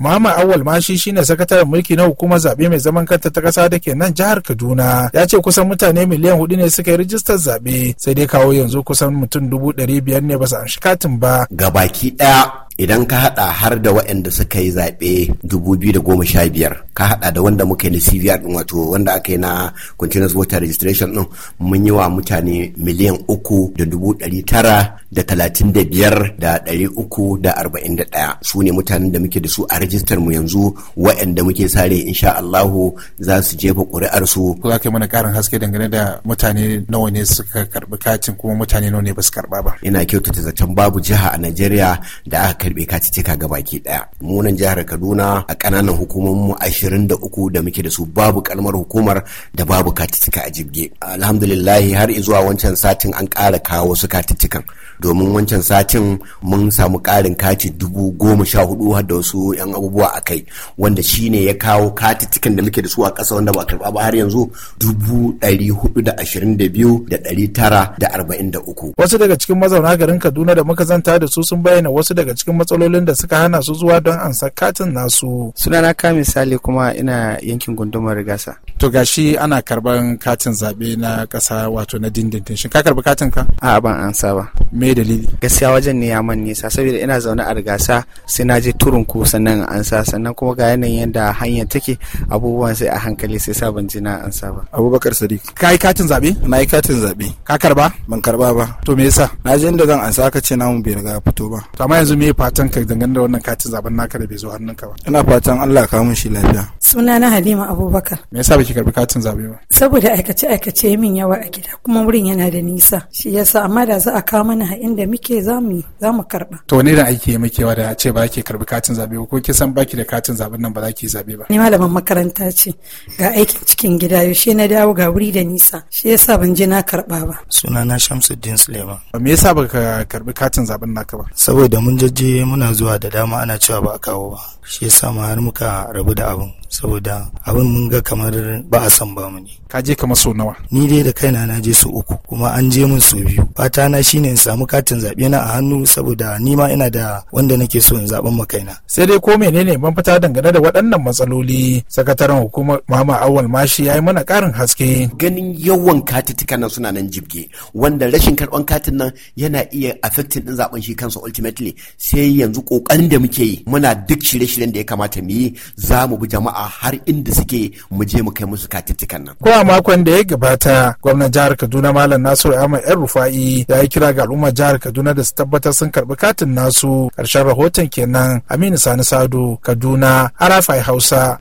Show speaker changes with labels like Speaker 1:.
Speaker 1: Muhammad Awal Mashi shine sakataren mulki na hukumar zaɓe mai zaman kanta ta ƙasa da ke nan jihar Kaduna. Ya ce kusan mutane miliyan hudu ne suka yi rijistar zaɓe sai dai kawo yanzu kusan mutum dubu ɗari biyar ne ba su amshi katin ba.
Speaker 2: Ga baki ɗaya idan ka haɗa har da waɗanda suka yi zaɓe biyar ka hada da wanda muke na CVR din wato wanda aka yi na continuous voter registration din mun yi wa mutane miliyan uku da dubu ɗari tara da talatin da biyar da ɗari uku da arba'in da ɗaya su ne mutanen da muke da su a rajistar mu yanzu wa'anda muke sare insha Allahu za su jefa ƙuri'ar su. Ko za ka
Speaker 1: yi mana ƙarin haske dangane da mutane nawa ne suka karɓi katin kuma mutane nawa ne ba su karɓa ba.
Speaker 2: Ina kyautata zaton babu jiha a Najeriya da aka karɓi cika gabaki ɗaya. Munan jihar Kaduna a ƙananan hukumomin mu ashirin 23 da muke da su babu kalmar hukumar da babu katittika a jibge alhamdulillahi har zuwa wancan satin an ƙara kawo wasu katittikan domin wancan satin mun samu ƙarin kati dubu goma sha hudu har da wasu yan abubuwa a kai wanda shine ya kawo katittikan da muke da su a ƙasa wanda ba karɓa ba har yanzu dubu ɗari hudu da ashirin da biyu da ɗari tara da arba'in da uku.
Speaker 1: wasu daga cikin mazauna garin kaduna da muka zanta da su sun bayyana wasu daga cikin matsalolin da suka hana su zuwa don ansa katin nasu. sunana ka misali kuma ina yankin gundumar gasa to gashi ana karban katin zaɓe na ƙasa wato na dindindin shi ka karbi katin ka a ban an saba me dalili gaskiya wajen ne ya man nisa saboda ina zaune a rigasa sai na je turun ku sannan an sa sannan kuma ga yanayin yadda hanyar take abubuwan sai a hankali sai sa ban ji na an saba abubakar sadiq ka yi katin zaɓe na yi katin zaɓe ka karba ban karba ba to me yasa na je inda zan ansa ka ce namu bai riga fito ba to amma yanzu me fatan ka dangane da wannan katin zaben naka da bai zo hannunka ba ina fatan Allah ka mun shi lafiya sunana Halima Abubakar me yasa ki karbi katin zabe ba saboda aikace aikace min yawa a gida kuma wurin yana da nisa shi yasa amma da za a kawo mana inda muke za mu za mu karba to wani da aiki muke wa da ce ba ki karbi katin zabe ba ko ki san baki da katin zaben nan ba za ki zabe ba ni malamin makaranta ce ga aikin cikin gida yaushe na dawo ga wuri da nisa shi yasa ban je na karba ba sunana Shamsuddin Suleiman me yasa baka karbi katin zaben naka ba saboda mun jajje muna zuwa da dama ana cewa ba a kawo ba shi yasa ma har muka rabu da abin saboda abin mun ga kamar ba a san ba mu ne ka je kamar sau nawa ni dai da kaina na je su uku kuma an je mun sau biyu fata na shine in samu katin zaɓe na a hannu saboda ni ma ina da wanda nake so in zaɓen ma kaina sai dai ko menene ban fita dangane da waɗannan matsaloli sakataren hukumar mama Awal Mashi ya yi mana ƙarin haske
Speaker 2: ganin yawan katitika nan suna nan jibge wanda rashin karɓan katin nan yana iya affecting din zaben shi kansa ultimately sai yanzu kokarin da muke yi muna duk shirye-shiryen da ya kamata mu yi za mu bi jama'a jama'a har inda suke mu je mu kai musu katittikan nan.
Speaker 1: Kowa makon da ya gabata gwamnan jihar Kaduna Malam Nasiru Ahmad Yan Rufa'i ya yi kira ga al'ummar jihar Kaduna da su tabbatar sun karɓi katin nasu. Ƙarshen rahoton kenan Aminu Sani Sadu Kaduna Arafai Hausa.